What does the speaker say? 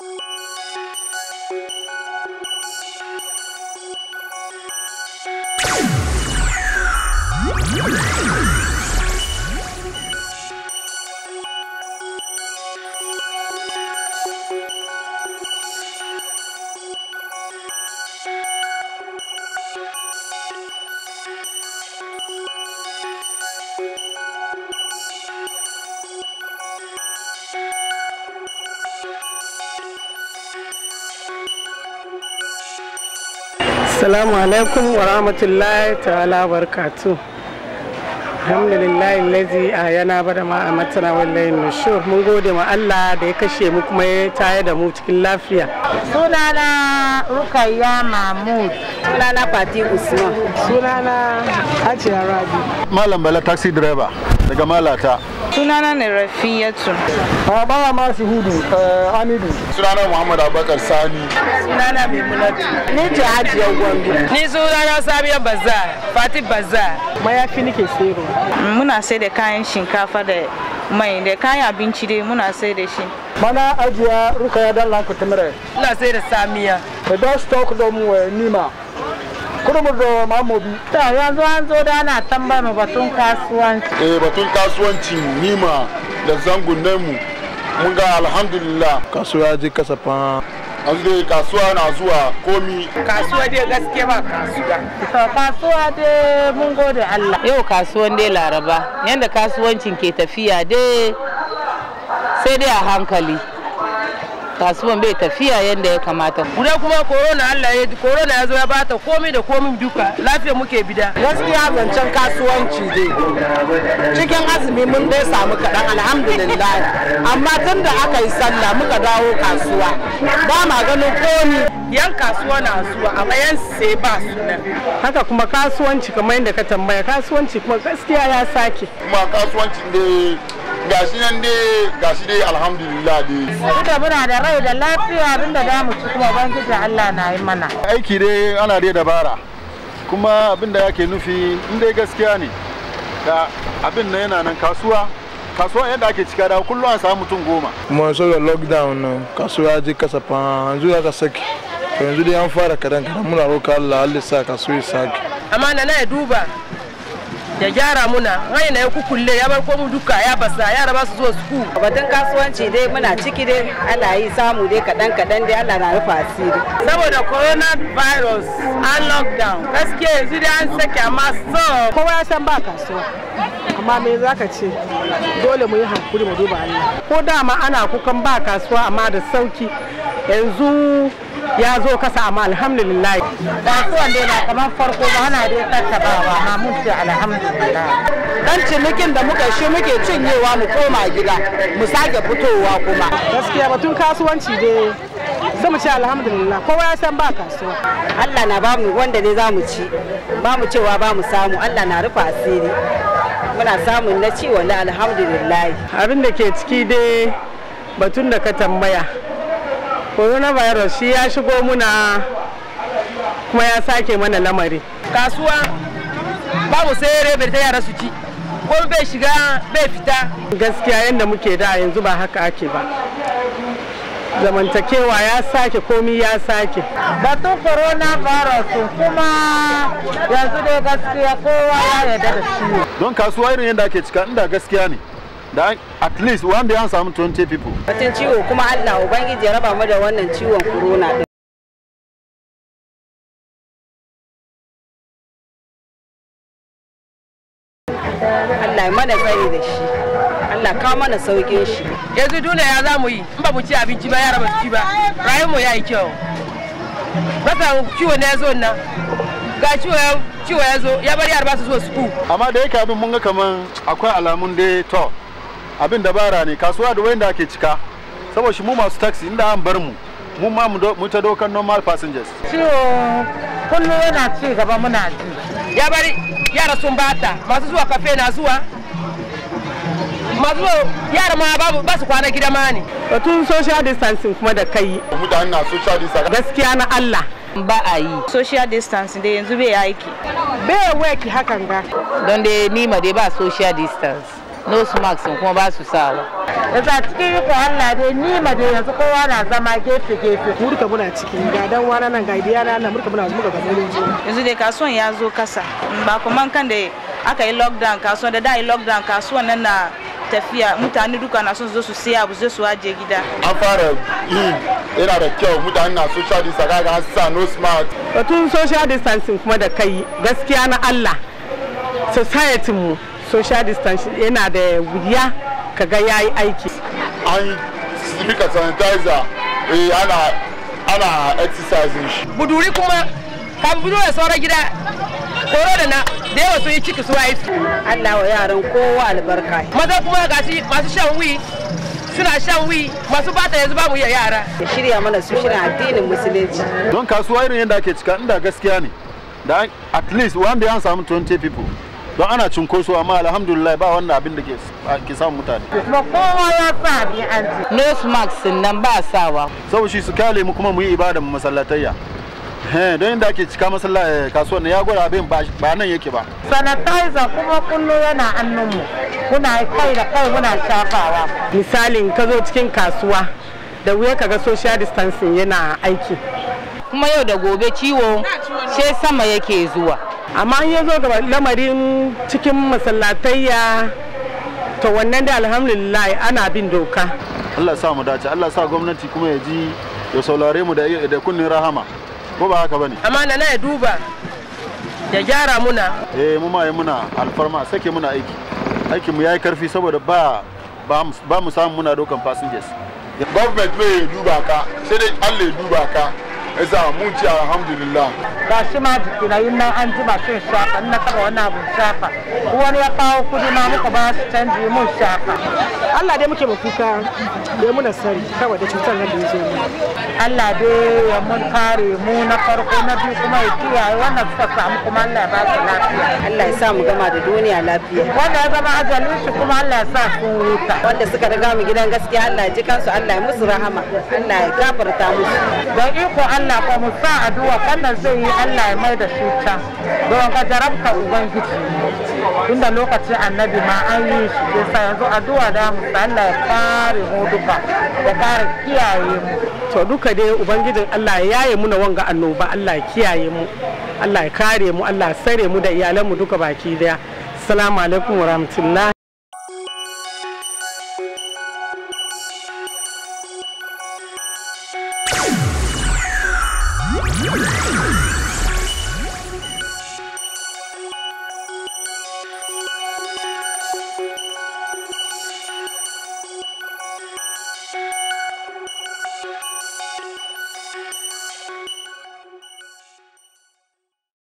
you Assalamu alaikum wa rahmatullahi ta'ala barkatu. Alhamdulillahi lazi a yana bada ma a matana wallahi nushur. Mun gode ma Allah da ya kashe mu kuma ya tayar da mu cikin lafiya. Sunana Rukayya Mahmud. Sunana Fati Usman. Sunana Hajiya Rabi. Malam Bala taxi driver. daga malata sunana ne rafiyatu ah, a ma su hudu hamidu eh, sunana muhammad abubakar sani sunana maimunatu ni ce hajiya gwangu ni sunana sabiya baza fatih bazar mayafi nike sero muna sai da kayan shinkafa da mai da kayan abinci dai muna sai da shi mana ajiya rukaya dan lankutumire ina sai da samiya da stock don eh, nima kurmur da mamobi ta yanzu an zo da ana tambayar mu batun kasuwanci eh batun kasuwanci nima da zangun nan mu mun ga alhamdulillah kasuwa je kasafan an dai kasuwa na zuwa komi kasuwa dai gaske ba kasuwa kasuwa dai mun gode Allah yau kasuwan dai laraba yanda kasuwancin ke tafiya dai sai dai a hankali kasuwan bai tafiya yadda ya kamata guda kuma korona Allah ya korona ya zo ya bata komai da komin duka lafiya muke bida gaskiya zancen kasuwanci dai cikin azumi mun dai samu kaɗan alhamdulillah amma tun da aka yi sallah muka dawo kasuwa ba ma ganin komi yan kasuwa na zuwa amma yan sai ba su haka kuma kasuwanci kamar yadda ka tambaya kasuwanci kuma gaskiya ya sake kuma kasuwanci dai gashi nan dai gashi dai alhamdulillah dai duka muna da rai da lafiya abinda da mu ci kuma ubangiji Allah na yi mana aiki dai ana dai dabara kuma abinda yake nufi in dai gaskiya ne da abin nan yana nan kasuwa kasuwa yadda ake cika da kullum an samu mutum goma kuma saboda lockdown nan kasuwa ji kasafa yanzu ya ka saki yanzu dai an fara kadan kadan muna roƙa Allah Allah sa kasuwa ya saki amma na na duba ya gyara muna hanyar na ya kukulle ya bar komu duka ya basa yara ba su zuwa suku batun kasuwanci dai muna ciki dai ana yi samu dai kadan kadan dai ana na rufa asiri saboda corona virus an lockdown gaskiya yanzu dai an sake amma so kowa ya san ba kasuwa amma me ka ce dole mu yi hankuri mu duba Allah ko dama ana kukan ba kasuwa amma da sauki yanzu ya zo kasa amma alhamdulillah kasuwan dai ba kamar farko ba na dai tattabawa ma mun ce alhamdulillah dan cinikin da muka shi muke cinyewa mu koma gida mu sake fitowa kuma gaskiya batun kasuwanci dai sai mu ce alhamdulillah kowa ya san ba kasuwa Allah na ba mu wanda ne za mu ci ba mu cewa ba mu samu Allah na rufa asiri muna samun na ci wani alhamdulillah abin da ke ciki dai batun da ka tambaya coronavirus shi ya shigo muna kuma ya sake mana lamari kasuwa babu sai rebe ta yara su ci ko bai shiga bai fita gaskiya yadda muke da yanzu ba haka ake ba zamantakewa ya sake komi ya sake batun coronavirus kuma yanzu dai gaskiya kowa ya yarda da ciwo don kasuwa irin yadda ake cika inda gaskiya ne dan at least one day an samu 20 people batun ciwo kuma Allah ubangiji ya raba mu da wannan ciwon corona Allah ya mana tsari da shi Allah ka mana saukin shi yanzu dole ya za mu yi in ba mu ci abinci ba yara ba su ci ba rayuwar mu yayi kyau rasa ciwo ne ya zo nan ga ciwo ya zo ya bari yara ba su zo su ku amma da yake abin mun ga kaman akwai alamun dai to abin dabara ne kasuwa da wayanda ake cika saboda shi mu masu taxi inda an bar mu mu ma mu ta dokan normal passengers ciwo kullu yana ci gaba muna ji ya bari yara sun bata masu zuwa kafe na zuwa masu yara ma babu basu kwana gida ma ne tun social distancing kuma da kai mutane na social distancing gaskiya na Allah ba a yi social distancing da yanzu bai aiki bai work hakan ba don da nima dai ba social distance nose mask kuma ba su sawa a cikin yi Allah dai ni ma dai yanzu kowa na zama gefe gefe murka muna ciki, ga dan wani nan ga na nan murka muna zuwa ga gurin yanzu dai kasuwan ya zo kasa ba kuma kan da aka yi lockdown kasuwan da da yi lockdown kasuwan nan na tafiya mutane duka na son zo su siya abu zai su waje gida an fara yi yana da kyau mutane na social distancing ga an sa no smart batun social distancing kuma da kai gaskiya na Allah society mu social distancing yana da wuya kaga ya yi aiki an rika sanitizer eh, ana ana exercising shi buduri kuma ka buduri da sauran gida korona na da yawa sun yi ciki su waye Allah wa yaran kowa albarka maza kuma gashi masu shan wi suna shan wi masu bata yanzu babu ya yara ya shirya mana su shirya addinin musulunci don kasuwa irin yadda ake cika inda gaskiya ne da at least wanda ya samu 20 people don ana cunkoso amma alhamdulillah ba wannan abin da ke samun mutane ba kowa ya sa bi an nose mask nan ba sawa saboda shi su kale mu kuma mu yi ibada mu masallatayya eh, don inda ake cika masallaci eh, kasuwar ya gwada abin ba nan yake ba sanitizer kuma kullum yana hannunmu muna kai da kai muna shafawa misalin ka zo cikin kasuwa da wuya ka ga social distancing yana aiki kuma yau da gobe ciwo sai sama yake zuwa amma an yi zo ga lamarin cikin masallatayya to wannan da alhamdulillah ana bin doka Allah sa mu dace Allah sa gwamnati kuma ya ji ya saurare mu da kunnin rahama ko ba haka bane amma na ya duba ya gyara muna eh mu ma muna alfarma sake muna aiki aikin mu yayi karfi saboda ba ba mu samu muna dokan passengers government mai duba ka sai dai Allah ya duba ka yasa mun ci alhamdulillah ga shi ma jiki na yin nan an jima shin shafa na taba wannan abin shafa wani ya kawo kudi ma muka ba su canji mun shafa Allah dai muke mafuka dai muna sari kawai da cutar nan da ya Allah dai ya mun kare mu na farko na biyu kuma ya kiyaye wannan suka samu kuma Allah ya ba su lafiya Allah ya sa mu gama da duniya lafiya wanda ya zama ajalin shi kuma Allah ya sa su huta wanda suka riga mu gidan gaskiya Allah ya ji kansu Allah ya musu rahama Allah ya gafarta musu don iko Allah Allah ko mu sa addu'a kannan zai yi Allah ya mai da shi can don ka jarabta ubangiji tunda lokacin annabi ma an yi shi ke sa yanzu addu'a da mu sa Allah ya kare mu duka ya kare kiyaye mu to duka dai ubangijin Allah ya yaye mu na wanga annoba Allah ya kiyaye mu Allah ya kare mu Allah ya sare mu da iyalan mu duka baki daya assalamu alaikum warahmatullahi